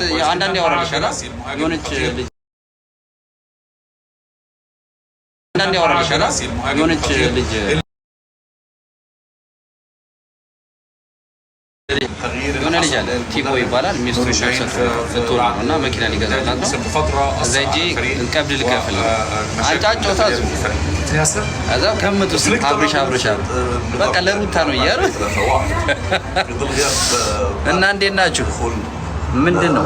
ቢያንስ አንዳንድ ያወራልሻል የሆነች ልጅ አንዳንድ ያወራልሻል የሆነች ልጅ የሆነ ልጅ አለ ቲቦ ይባላል። ሚስቱ ልትሆን ነው እና መኪና ሊገዛት ነው። እዛ ሂጅ ቀብድ ልከፍል ነው አጫጮታ ከዛ ከምጡ አብረሽ አብረሽ በቃ ለሩታ ነው እያሉ እና እንዴት ናችሁ? ምንድን ነው?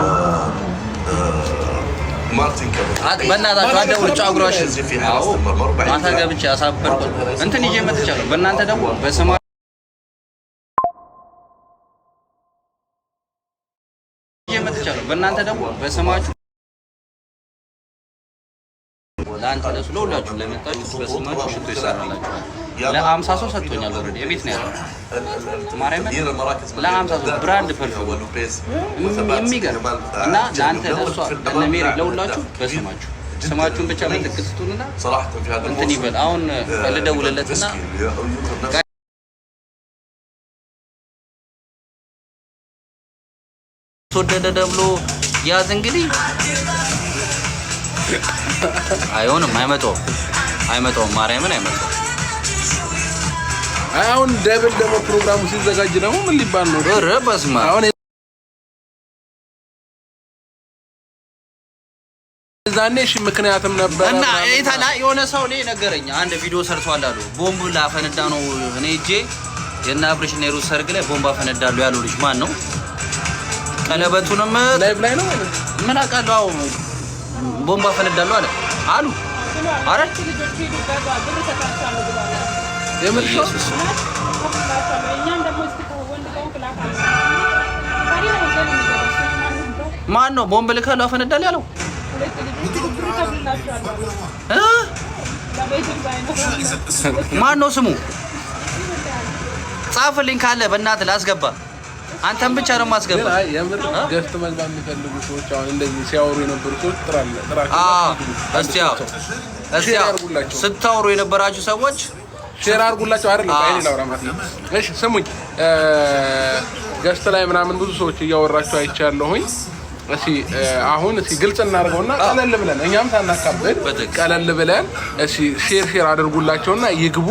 በእናታችሁ አትደውል። ጫጉራሽ ማታ ገብቼ አሳበርኩ እንትን ይዤ መጥቻለሁ። በእናንተ ደግሞ በስማ በእናንተ ደግሞ በስማችሁ ለአንተ ለሱ ለሁላችሁ ለመጣችሁ በስማችሁ ሽቶ ይሰራላችኋል። ለአምሳ ሰው ሰጥቶኛል። ኦልሬዲ የቤት ነው ያለው ማርያም ሰው ብራንድ ፐርፊውም የሚገርም እና ለአንተ ለእሷ ሜሪ ለሁላችሁ በስማችሁ ስማችሁን ብቻ መተክስቱንና እንትን ይበል። አሁን ልደውልለትና ተወደደ ደብሎ ያዝ እንግዲህ አይሆንም። አይመጣውም አይመጣውም ማርያምን አይመጣውም። አሁን ደብል ደግሞ ፕሮግራሙ ሲዘጋጅ ደግሞ ምን ሊባል ነው? ኧረ በስመ አብ እዛኔ እሺ፣ ምክንያትም ነበር እና ኤታላ የሆነ ሰው ላይ ነገረኝ። አንድ ቪዲዮ ሰርቷል አሉ። ቦምብ ላፈነዳ ነው እኔ እጄ የእነ አብርሽ እና የሩት ሰርግ ላይ ቦምብ አፈነዳሉ ያለው ልጅ ማን ነው? ቀለበቱንም ላይቭ ላይ ነው ምን አውቃለሁ። ቦምብ አፈነዳሉ አለ አሉ። አረ ማን ነው ቦምብ ልከሉ አፈነዳል ያለው? ማን ነው ስሙ? ጻፍልኝ ካለ በእናትህ ላስገባ። አንተም ብቻ ነው ማስገባ። የምር ገፍት መግባት የሚፈልጉ ሰዎች አሁን እንደዚህ ሲያወሩ የነበሩ ሰዎች ጥራ ጥራ። እስቲ ያው እስቲ ያው ስታወሩ የነበራችሁ ሰዎች ሼር አድርጉላቸው። አይደለም እሺ፣ ስሙኝ ገስት ላይ ምናምን ብዙ ሰዎች እያወራቸው አይቻለሁኝ። እሺ አሁን እሺ ግልጽ እናድርገውና ቀለል ብለን እኛም ሳናካብድ ቀለል ብለን እሺ ሼር ሼር አድርጉላቸውና ይግቡ።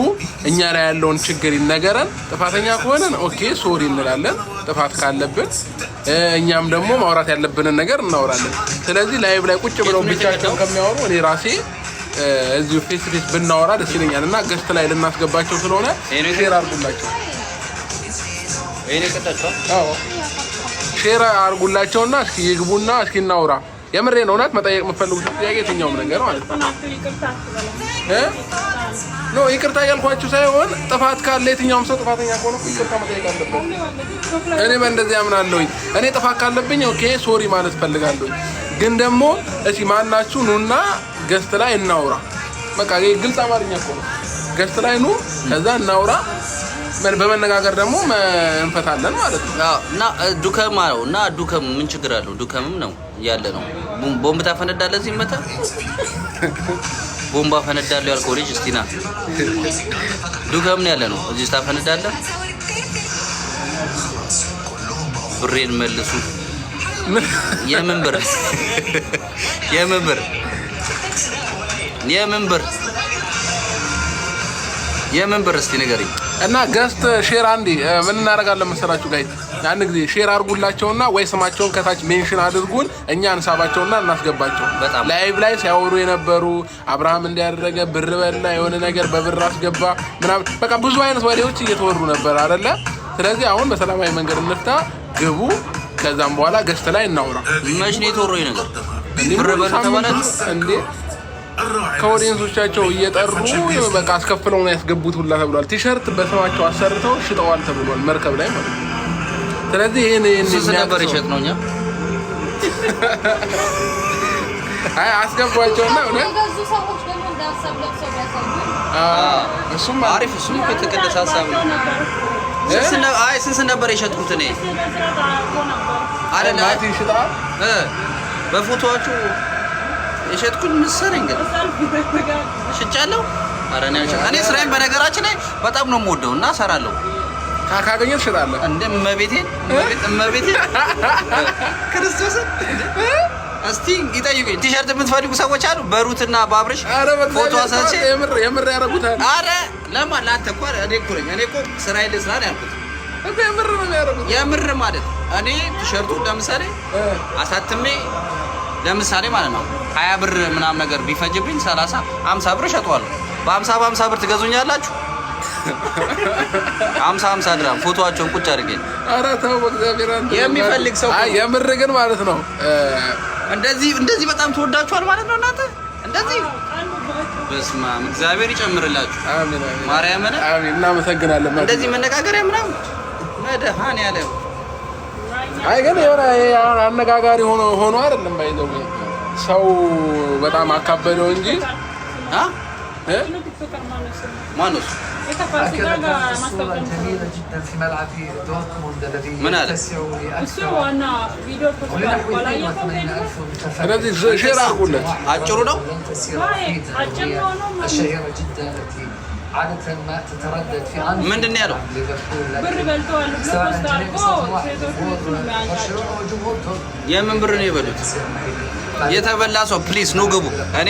እኛ ላይ ያለውን ችግር ይነገረን። ጥፋተኛ ከሆነን ኦኬ ሶሪ እንላለን። ጥፋት ካለብን እኛም ደግሞ ማውራት ያለብንን ነገር እናወራለን። ስለዚህ ላይቭ ላይ ቁጭ ብለው ብቻቸውን ከሚያወሩ እኔ ራሴ እዚሁ ፌስ ፌስ ብናወራ ደስ ይለኛል እና ገስት ላይ ልናስገባቸው ስለሆነ ሼር አድርጉላቸው። ሼር እና እስኪ ይግቡና እስኪ እናውራ። የምሬ ነው። እውነት መጠየቅ የምትፈልጉት ጥያቄ የትኛውም ነገር ማለት ነው። ይቅርታ እያልኳችሁ ሳይሆን ጥፋት ካለ የትኛውም ሰው ጥፋተኛ ከሆነ ይቅርታ መጠየቅ አለበት። እኔ እንደዚህ አምናለሁኝ። እኔ ጥፋት ካለብኝ ኦኬ ሶሪ ማለት ፈልጋለሁኝ። ግን ደግሞ እስኪ ማናችሁ ኑና ገስት ላይ እናውራ። በቃ ይሄ ግልጽ አማርኛ እኮ ነው። ገስት ላይ ኑ፣ ከዛ እናውራ። በመነጋገር ደግሞ እንፈታለን ማለት ነው። እና ዱከም ነው እና ዱከም ምን ችግር አለው? ዱከምም ነው ያለ ነው። ቦምብ ታፈነዳለ፣ እዚህ መታ ቦምባ ፈነዳለ ያልከው ልጅ እስቲና ዱከም ነው ያለ ነው። እዚህ ታፈነዳለ፣ ብሬን መልሱ። የምን ብር የምን ብር የምን ብር የምን ብር እስቲ ንገሪኝ። እና ገስት ሼር አንዴ ምን እናደርጋለን መሰላችሁ ጋይ አንድ ጊዜ ሼር አድርጉላቸውና ወይ ስማቸውን ከታች ሜንሽን አድርጉን እኛ እንሳባቸውና እናስገባቸው። ላይቭ ላይ ሲያወሩ የነበሩ አብርሃም እንዲያደረገ ብር በላ የሆነ ነገር በብር አስገባ ምናምን በቃ ብዙ አይነት ወሬዎች እየተወሩ ነበር አይደለ? ስለዚህ አሁን በሰላማዊ መንገድ እንፍታ፣ ግቡ። ከዛም በኋላ ገስት ላይ እናውራ። መች ነው የተወሩ ነገር ከኦዲየንሶቻቸው እየጠሩ በቃ አስከፍለው ነው ያስገቡት ሁላ ተብሏል። ቲሸርት በስማቸው አሰርተው ሽጠዋል ተብሏል መርከብ ላይ ማለት ነው። ስለዚህ ይህን ነበር ይሸጥ ነው እኛ አይ አስገቧቸውና እሱም አሪፍ እሱም የተቀደሰ ሀሳብ ነው። ስንት ነበር የሸጥኩት እኔ አይደለ በፎቶዋችሁ የሸጥኩኝ ምሰር እንግዲህ ሽጫለሁ። ኧረ እኔ ስራዬን በነገራችን ላይ በጣም ነው የምወደው እና እሰራለሁ። ካገኘሁ ትሸጣለህ። እንደ እመቤቴን እመቤቴን ክርስቶስን እስቲ ይጠይቁኝ። ቲሸርት የምትፈልጉ ሰዎች አሉ። በሩትና በአብርሽ ፎቶ አሳቼ የምር የምር ያደርጉታል። አረ ለማ ለአንተ እኮ እኔ እኮ ነኝ። እኔ እኮ ስራዬን ልስራ ነው ያልኩት። የምር ነው የሚያደርጉት። የምር ማለት እኔ ቲሸርቱ ለምሳሌ አሳትሜ ለምሳሌ ማለት ነው ሀያ ብር ምናምን ነገር ቢፈጅብኝ ሰላሳ አምሳ ብር እሸጠዋለሁ። በአምሳ በአምሳ ብር ትገዙኛላችሁ። አምሳ አምሳ ድራም ፎቶዋቸውን ቁጭ አድርገኝ። ኧረ ተው በእግዚአብሔር የሚፈልግ ሰው የምር ግን ማለት ነው እንደዚህ እንደዚህ በጣም ተወዳችኋል ማለት ነው እናንተ እንደዚህ በስማም እግዚአብሔር ይጨምርላችሁ። ማርያምን እናመሰግናለን። እንደዚህ መነጋገሪያ ምናምን መድኃኔዓለም አይ ግን የሆነ አነጋጋሪ ሆኖ ሆኖ አይደለም ባይዘው ሰው በጣም አካበደው እንጂ አ ማነው ምን አለ? ስለዚህ ሼር አድርጉለት። አጭሩ ነው። ምንድን ነው ያለው? የምን ብር ነው የበሉት? የተበላ ሰው ፕሊስ ኑ ግቡ። እኔ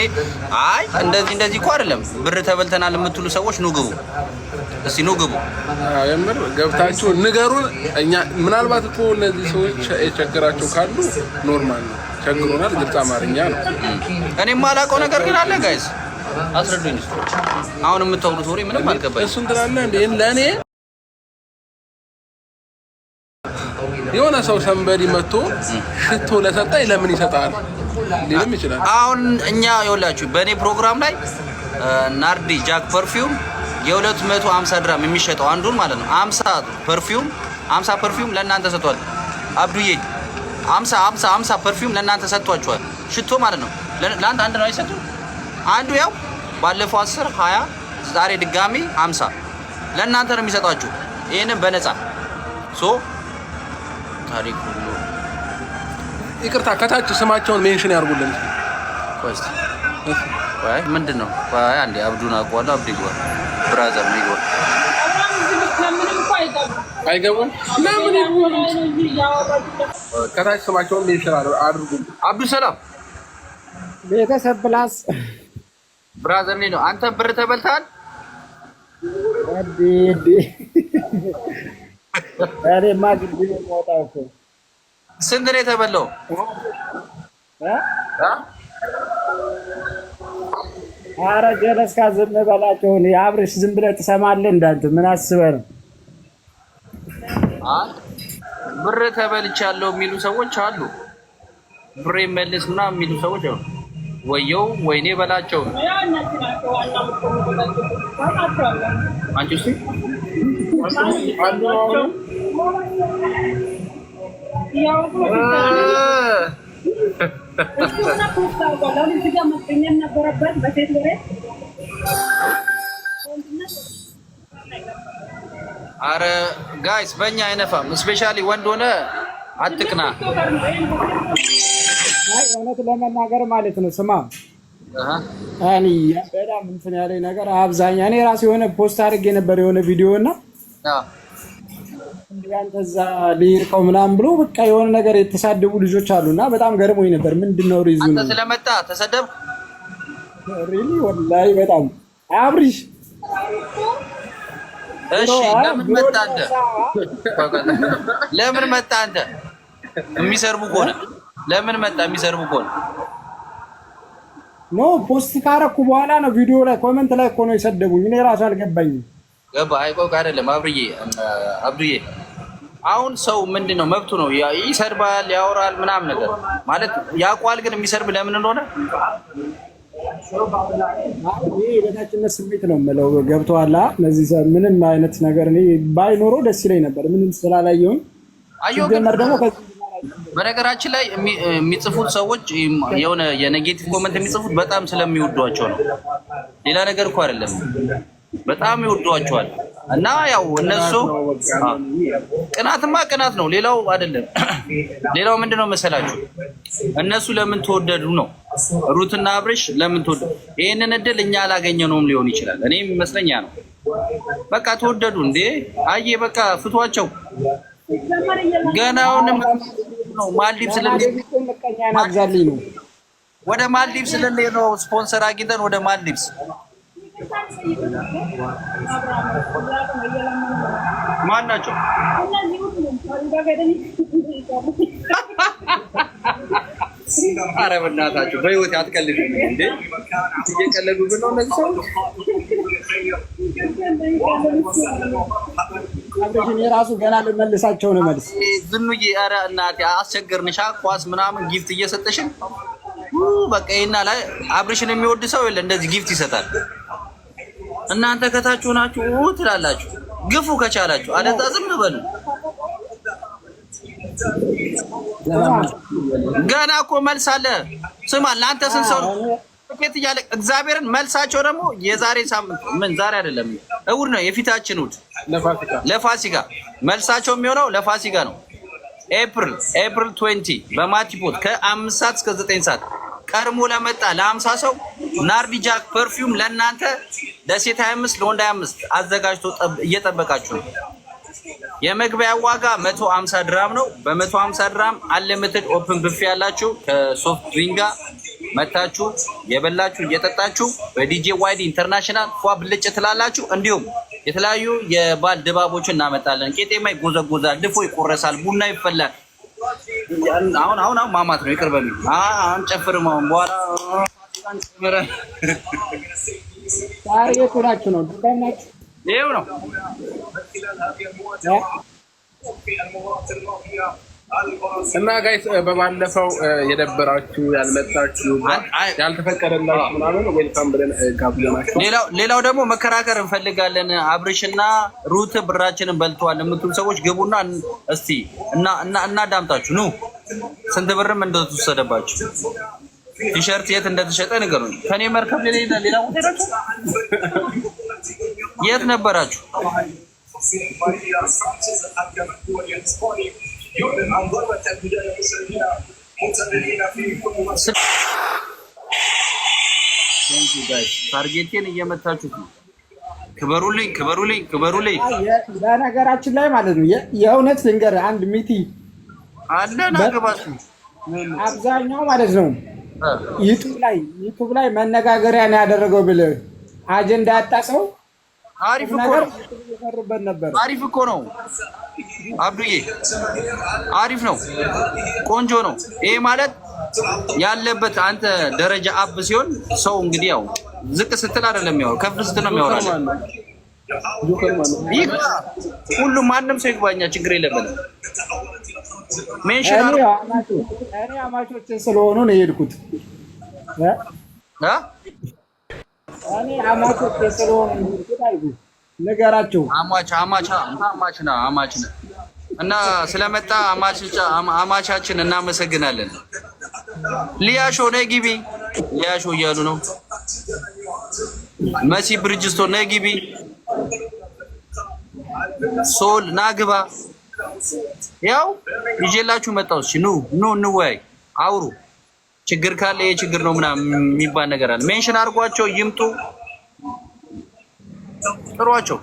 አይ እንደዚህ እንደዚህ እኮ አይደለም ብር ተበልተናል የምትሉ ሰዎች ኑ ግቡ፣ እስቲ ኑ ግቡ። የምር ገብታችሁ ንገሩን። እኛ ምናልባት እኮ እነዚህ ሰዎች የቸገራቸው ካሉ ኖርማል ነው፣ ቸግሮናል። ግልጽ አማርኛ ነው። እኔ የማላውቀው ነገር ግን አለ ጋይስ አስረዱኝ። አሁን የምታውሉት ወሬ ምንም አልገባኝ። እሱን ትላለህ እንዴ? ለእኔ የሆነ ሰው ሰንበዲ መጥቶ ሽቶ ለሰጠኝ ለምን ይሰጣል ሊልም ይችላል። አሁን እኛ ይኸውላችሁ በእኔ ፕሮግራም ላይ ናርዲ ጃክ ፐርፊውም የ250 ድራም የሚሸጠው አንዱን ማለት ነው 50 ፐርፊውም 50 ፐርፊውም ለእናንተ ሰጥቷል። አብዱዬ 50 50 50 ፐርፊውም ለእናንተ ሰጥቷችኋል። ሽቶ ማለት ነው ለአንተ አንድ ነው አይሰጡም አንዱ ያው ባለፈው 10 20 ዛሬ ድጋሚ 50 ለእናንተ ነው የሚሰጣችሁ ይህንን በነፃ ሶ ታሪክ ሁሉ ይቅርታ፣ ከታች ስማቸውን ሜንሽን ያርጉልን። ቆስቲ ወይ ምንድን ነው? ወይ አንዴ አብዱን አብዱ ይግባ፣ ብራዘር ነው አይገቡም። ለምን ከታች ስማቸውን ሜንሽን አድርጉ። አብዱ ሰላም ቤተሰብ ብላስ ብራዘር ነው። አንተ ብር ተበልተሃል። ስንት ነው የተበላው? አረ ገለስ ካዘነ በላቸው። አብረሽ ዝም ብለህ ትሰማለህ። እንዳንተ ምን አስበህ ነው? ብር ተበልቻለሁ የሚሉ ሰዎች አሉ። ብሬ መልስ ምናምን የሚሉ ሰዎች አሉ። ወየው ወይኔ በላቸው። አንቺ አረ ጋይስ በእኛ አይነፋም። ስፔሻሊ ወንድ ሆነ አትቅና። እውነት ለመናገር ማለት ነው። ስማ በጣም እንትን ያለኝ ነገር አብዛኛ እኔ ራሴ የሆነ ፖስት አድርጌ ነበር የሆነ ቪዲዮ እና ያንተ እዛ ሊርቀው ምናምን ብሎ በቃ የሆነ ነገር የተሳደቡ ልጆች አሉ እና በጣም ገርሞኝ ነበር። ምንድን ነው ሪዙ ነው ስለመጣ ተሰደብ ሪሊ ወላሂ በጣም አብሪሽ እሺ ለምን መጣ አንተ? ለምን መጣ አንተ? የሚሰርቡ ከሆነ ለምን መጣ? የሚሰርቡ እኮ ነው። ኖ ፖስት ካረኩ በኋላ ነው ቪዲዮ ላይ ኮመንት ላይ እኮ ነው የሰደቡኝ። እኔ ራሱ አልገባኝም። ገባ አይቆቅ አይደለም አብርዬ አብዱዬ አሁን ሰው ምንድን ነው መብቱ ነው፣ ይሰርባል፣ ያወራል ምናምን ነገር ማለት ያውቋል። ግን የሚሰርብ ለምን እንደሆነ የበታችነት ስሜት ነው የምለው። ገብቶሃል? እነዚህ ምንም አይነት ነገር ባይኖረው ደስ ይለኝ ነበር፣ ምንም ስላላየሁኝ። ሲጀመር ደግሞ በነገራችን ላይ የሚጽፉት ሰዎች የሆነ የኔጌቲቭ ኮመንት የሚጽፉት በጣም ስለሚወዷቸው ነው። ሌላ ነገር እኮ አይደለም። በጣም ይወዷቸዋል። እና ያው እነሱ ቅናትማ ቅናት ነው፣ ሌላው አይደለም። ሌላው ምንድነው መሰላችሁ? እነሱ ለምን ተወደዱ ነው። ሩትና አብርሽ ለምን ተወደዱ? ይሄንን እድል እኛ አላገኘነውም ሊሆን ይችላል። እኔም ይመስለኛ ነው። በቃ ተወደዱ እንዴ! አዬ በቃ ፍቷቸው። ገና አሁንም ነው ማልዲቭ ስለሌለ ነው ወደ ማልዲቭ ስለሌለ ነው ስፖንሰር አግኝተን ወደ ማልዲቭስ ማን ናቸው? ኧረ በእናታችሁ በህይወት አትቀልዱ እንዴ! እየቀለዱ ብለው እነዚህ ሰው አብሽን የራሱ ገና ልመልሳቸው ነው መልስ ዝኑዬ፣ ኧረ እናቴ አስቸገርንሻ። ኳስ ምናምን ጊፍት እየሰጠሽን በቃ ይና ላይ አብርሽን የሚወድ ሰው የለ እንደዚህ ጊፍት ይሰጣል። እናንተ ከታችሁ ናችሁ ትላላችሁ። ግፉ ከቻላችሁ፣ አለዛ ዝም በሉ። ገና እኮ መልስ አለ። ስማ ለአንተ ስንት ሰው ዱቄት እያለ እግዚአብሔርን መልሳቸው ደግሞ የዛሬ ሳምንት ምን ዛሬ አይደለም እሑድ ነው፣ የፊታችን እሑድ ለፋሲካ መልሳቸው የሚሆነው ለፋሲካ ነው። ኤፕሪል ኤፕሪል 20 በማቲፖት ከአምስት ሰዓት እስከ ዘጠኝ ሰዓት ቀድሞ ለመጣ ለአምሳ ሰው ናርዲ ፐርፊውም ለእናንተ ለሴት 25 ለወንድ 25 አዘጋጅቶ እየጠበቃችሁ ነው። የመግቢያ ዋጋ መቶ አምሳ ድራም ነው በመቶ አምሳ ድራም አንሊሚትድ ኦፕን ብፌ ያላችሁ ከሶፍት ድሪንክ ጋር መታችሁ የበላችሁ እየጠጣችሁ በዲጄ ዋይድ ኢንተርናሽናል ፏ ብልጭ ትላላችሁ። እንዲሁም የተለያዩ የባል ድባቦችን እናመጣለን። ቄጤማ ይጎዘጎዛል፣ ድፎ ይቆረሳል፣ ቡና ይፈላል። አሁን አሁን አሁን ማማት ነው ይቅርበሉ። አሁን ጨፍርም አሁን በኋላ ጨምረን ይኸው ነው እና ጋይስ eh, በባለፈው eh, የደበራችሁ ያልመጣችሁ ያልተፈቀደላችሁ ምናምን ዌልካም ብለን eh, ሌላው ደግሞ መከራከር እንፈልጋለን። አብርሽና ሩት ብራችንን በልተዋል የምትሉ ሰዎች ግቡና እስቲ እናዳምጣችሁ። ኑ ስንት ብርም እንደተወሰደባችሁ ቲሸርት የት እንደተሸጠ ንገሩኝ። ከኔ መርከብ ሌላ ቦታ የት ነበራችሁ? Yule ambao watakuja na kusaidia ታርጌቴን እየመታችሁት ነው። ክበሩልኝ፣ ክበሩልኝ፣ ክበሩልኝ። በነገራችን ላይ ማለት ነው የእውነት ልንገርህ አንድ ሚቲ አለን አብዛኛው ማለት ነው ዩቱብ ላይ ዩቱብ ላይ መነጋገሪያን ያደረገው ብለህ አጀንዳ ያጣ ሰው አሪፍ እኮ ነው። አሪፍ እኮ ነው አብዱዬ፣ አሪፍ ነው፣ ቆንጆ ነው። ይሄ ማለት ያለበት አንተ ደረጃ አብ ሲሆን ሰው እንግዲህ ያው ዝቅ ስትል አይደለም የሚያወራ ከፍ ስትል ነው የሚያወራ። ሁሉም ማንም ሰው ይግባኛ፣ ችግር የለበትም። ሜንሽን አለው። እኔ አማቾችን ስለሆኑ ነው የሄድኩት። እኔ አማቾች ስለሆነ አማች አማች አማች አማች እና ስለመጣ አማቻችን እናመሰግናለን። ሊያሾ ነይ ግቢ፣ ሊያሾ እያሉ ነው። መሲ ብርጅስቶ ነይ ግቢ፣ ሶል ናግባ ያው ይዤላችሁ መጣሁ። እሺ ኑ ኑ እንወያይ፣ አውሩ ችግር ካለ ይሄ ችግር ነው ምናምን የሚባል ነገር አለ። ሜንሽን አድርጓቸው ይምጡ፣ ጥሯቸው።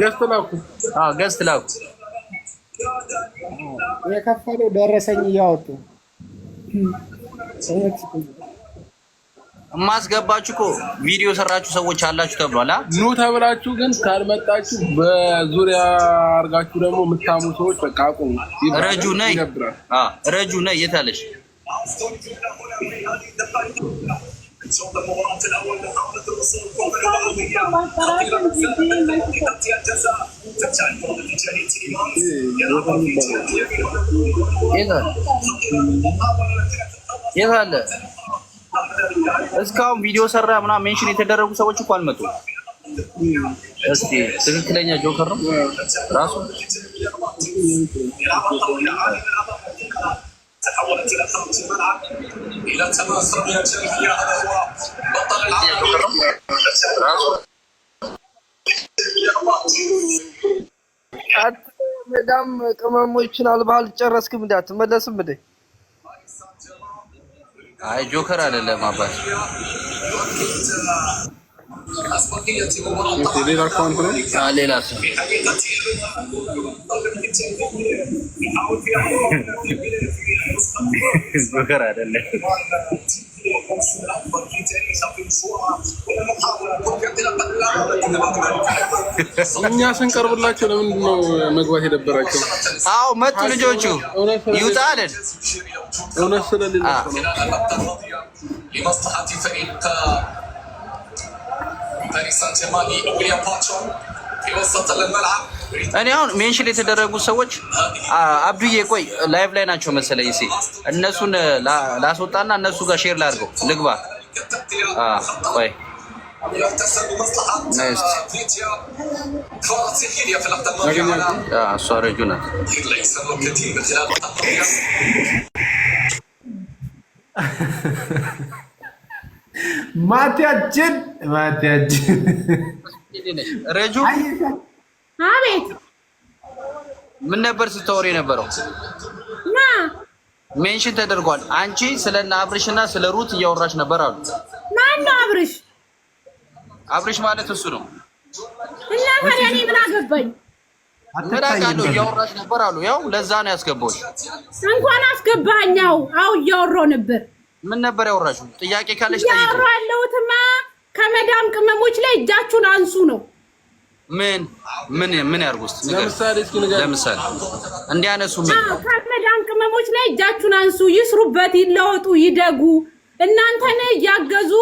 ገዝት ላኩ፣ ገዝት ላኩ። የከፈሉ ደረሰኝ እያወጡ እማስገባችሁ እኮ ቪዲዮ ሰራችሁ ሰዎች አላችሁ ተብሏል። ኑ ተብላችሁ ግን ካልመጣችሁ በዙሪያ አርጋችሁ ደግሞ የምታሙ ሰዎች በቃ አቁሙ። ረጁ ነይ፣ ረጁ ነይ፣ የት የት አለ? እስካሁን ቪዲዮ ሰራ ምናምን ሜንሽን የተደረጉ ሰዎች እኮ አልመጡም። እስቲ ትክክለኛ ጆከር ነው ራሱ إلى التناصر يا جميع هذا هو بطل العالم በጣም ቅመሞችን አልባህል ጨረስክም ዳት መለስም እንዴ? አይ ጆከር አይደለም አባት ሌላ አካውንት ነው። ሌላ ዞከር አይደለም። እኛ ስንቀርብላቸው ለምንድን ነው መግባት የደበራቸው? አዎ መጡ ልጆቹ ይውጣ አይደል? እውነት ስለሌላ እኔ አሁን ሜንሽን የተደረጉ ሰዎች አብዱዬ፣ ቆይ ላይቭ ላይ ናቸው መሰለኝ። ሴ እነሱን ላስወጣና እነሱ ጋር ሼር ላድርገው ልግባ። ቆይ እሷ ረጁ ናት። ማቲያችን ማቲያችን ረጁ አቤት፣ ምን ነበር ስታወሪ የነበረው? ና ሜንሽን ተደርጓል። አንቺ ስለ አብርሽ እና ስለ ሩት እያወራች ነበር አሉ። ማን ነው አብርሽ? አብርሽ ማለት እሱ ነው። እና ታዲያ እኔ ምን አገባኝ? ምን አውቃለሁ? ነበር አሉ። ያው ለዛ ነው ያስገባሁሽ። እንኳን አስገባኸኝ። አው እያወራው ነበር ምን ነበር ያወራሹ? ጥያቄ ካለሽ ጠይቁ። ያወራለሁትማ ከመዳም ቅመሞች ላይ እጃችሁን አንሱ ነው። ምን ምን ምን ያርጉስ? ለምሳሌ እስኪ ንገር። ለምሳሌ እንዲያነሱ ምን ከመዳም ቅመሞች ላይ እጃችሁን አንሱ፣ ይስሩበት፣ ይለወጡ፣ ይደጉ። እናንተን እያገዙ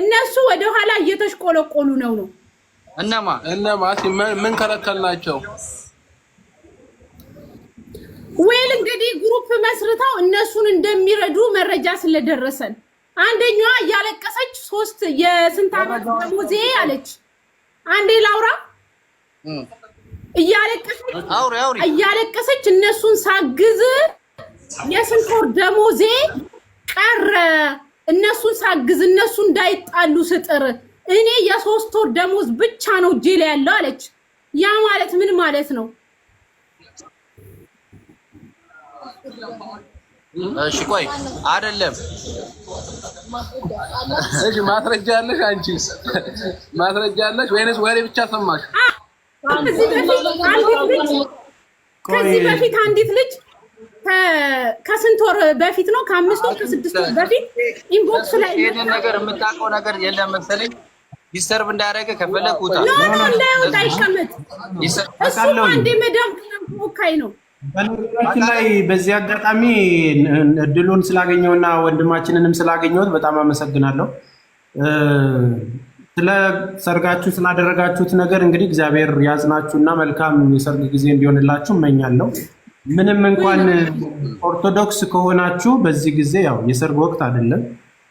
እነሱ ወደኋላ እየተሽቆለቆሉ ነው ነው። እነማ እነማ ምን ከለከልናቸው? ወይል እንግዲህ ግሩፕ መስርተው እነሱን እንደሚረዱ መረጃ ስለደረሰን አንደኛዋ እያለቀሰች ሶስት የስንት ዓመት ደሞዜ አለች። አንዴ ላውራ እያለቀሰች እነሱን ሳግዝ የስንት ወር ደሞዜ ቀረ። እነሱን ሳግዝ እነሱ እንዳይጣሉ ስጥር እኔ የሶስት ወር ደሞዝ ብቻ ነው እጄ ላይ ያለው አለች። ያ ማለት ምን ማለት ነው? እሺ ቆይ አይደለም፣ እሺ ማስረጃ አለሽ? አንቺስ ማስረጃ አለሽ ወይንስ ወሬ ብቻ ሰማሽ? ከዚህ በፊት አንዲት ልጅ ከስንት ወር በፊት ነው? ከአምስት ወር ከስድስት ወር በፊት ኢንቦክስ ላይ ይሄንን ነገር የምታውቀው ነገር የለም መሰለኝ። ዲስተርብ እንዳያደረገ ከፈለግ ውጣ። ኖ ኖ እንዳይወጣ ይቀመጥ። እሱ አንዴ መደም ካይ ነው በነገራችን ላይ በዚህ አጋጣሚ እድሉን ስላገኘውና ወንድማችንንም ስላገኘሁት በጣም አመሰግናለሁ። ስለ ሰርጋችሁ ስላደረጋችሁት ነገር እንግዲህ እግዚአብሔር ያጽናችሁና መልካም የሰርግ ጊዜ እንዲሆንላችሁ እመኛለሁ። ምንም እንኳን ኦርቶዶክስ ከሆናችሁ በዚህ ጊዜ ያው የሰርግ ወቅት አይደለም።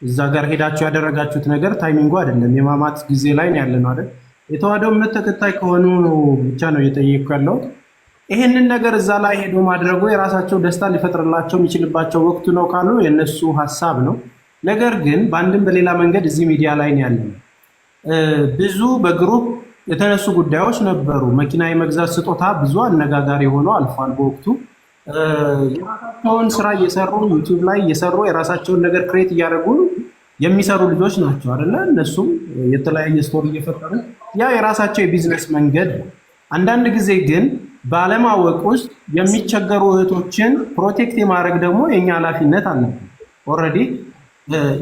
እዛ ጋር ሄዳችሁ ያደረጋችሁት ነገር ታይሚንጉ አይደለም። የማማት ጊዜ ላይ ነው ያለ ነው አይደል? የተዋህዶ እምነት ተከታይ ከሆኑ ብቻ ነው እየጠየቅኩ ያለሁት። ይህንን ነገር እዛ ላይ ሄዶ ማድረጉ የራሳቸው ደስታ ሊፈጥርላቸው የሚችልባቸው ወቅቱ ነው ካሉ የእነሱ ሀሳብ ነው። ነገር ግን በአንድም በሌላ መንገድ እዚህ ሚዲያ ላይ ነው ያለ። ብዙ በግሩፕ የተነሱ ጉዳዮች ነበሩ። መኪና የመግዛት ስጦታ ብዙ አነጋጋሪ ሆኖ አልፏል። በወቅቱ የራሳቸውን ስራ እየሰሩ ዩቲዩብ ላይ እየሰሩ የራሳቸውን ነገር ክሬት እያደረጉ የሚሰሩ ልጆች ናቸው አይደለ? እነሱም የተለያየ ስቶሪ እየፈጠሩ ያ የራሳቸው የቢዝነስ መንገድ አንዳንድ ጊዜ ግን ባለማወቅ ውስጥ የሚቸገሩ እህቶችን ፕሮቴክት የማድረግ ደግሞ የእኛ ኃላፊነት አለብን። ኦልሬዲ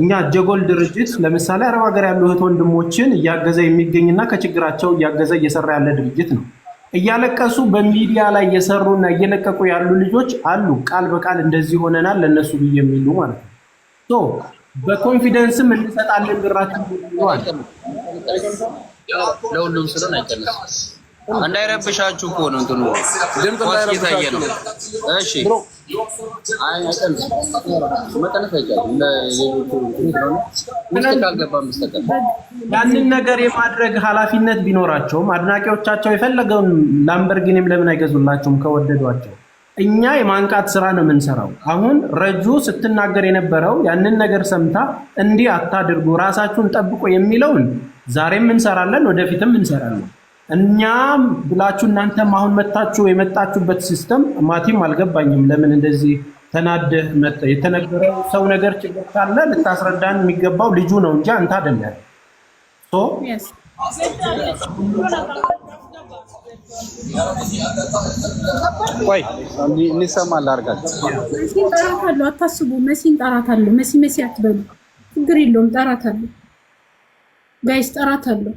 እኛ ጀጎል ድርጅት ለምሳሌ አረብ ሀገር ያሉ እህት ወንድሞችን እያገዘ የሚገኝና ከችግራቸው እያገዘ እየሰራ ያለ ድርጅት ነው። እያለቀሱ በሚዲያ ላይ እየሰሩና እየለቀቁ ያሉ ልጆች አሉ። ቃል በቃል እንደዚህ ሆነናል ለእነሱ ብዬ የሚሉ ማለት ነው። በኮንፊደንስም እንሰጣለን ብራችን ለሁሉም ስለን አይቀነስም። እንዳይረብሻችሁ እኮ ነው እንትኑ ድምጽ እየታየ ነው። እሺ አይ ያንን ነገር የማድረግ ኃላፊነት ቢኖራቸውም አድናቂዎቻቸው የፈለገውን ላምበርጊኒም ለምን አይገዙላቸውም ከወደዷቸው? እኛ የማንቃት ስራ ነው የምንሰራው። አሁን ረጁ ስትናገር የነበረው ያንን ነገር ሰምታ እንዲህ አታድርጉ፣ ራሳችሁን ጠብቆ የሚለውን ዛሬም እንሰራለን፣ ወደፊትም እንሰራለን። እኛም ብላችሁ እናንተም አሁን መታችሁ የመጣችሁበት ሲስተም ማቲም አልገባኝም። ለምን እንደዚህ ተናደህ መጣ? የተነገረው ሰው ነገር ችግር ካለ ልታስረዳን የሚገባው ልጁ ነው እንጂ አንተ አይደለም። ቆይ እንሰማ ላርጋችሁ። ጠራታለሁ፣ አታስቡ። መሲን ጠራታለሁ። መሲ መሲ አትበሉ፣ ችግር የለውም። ጠራታለሁ ጋይስ፣ ጠራታለሁ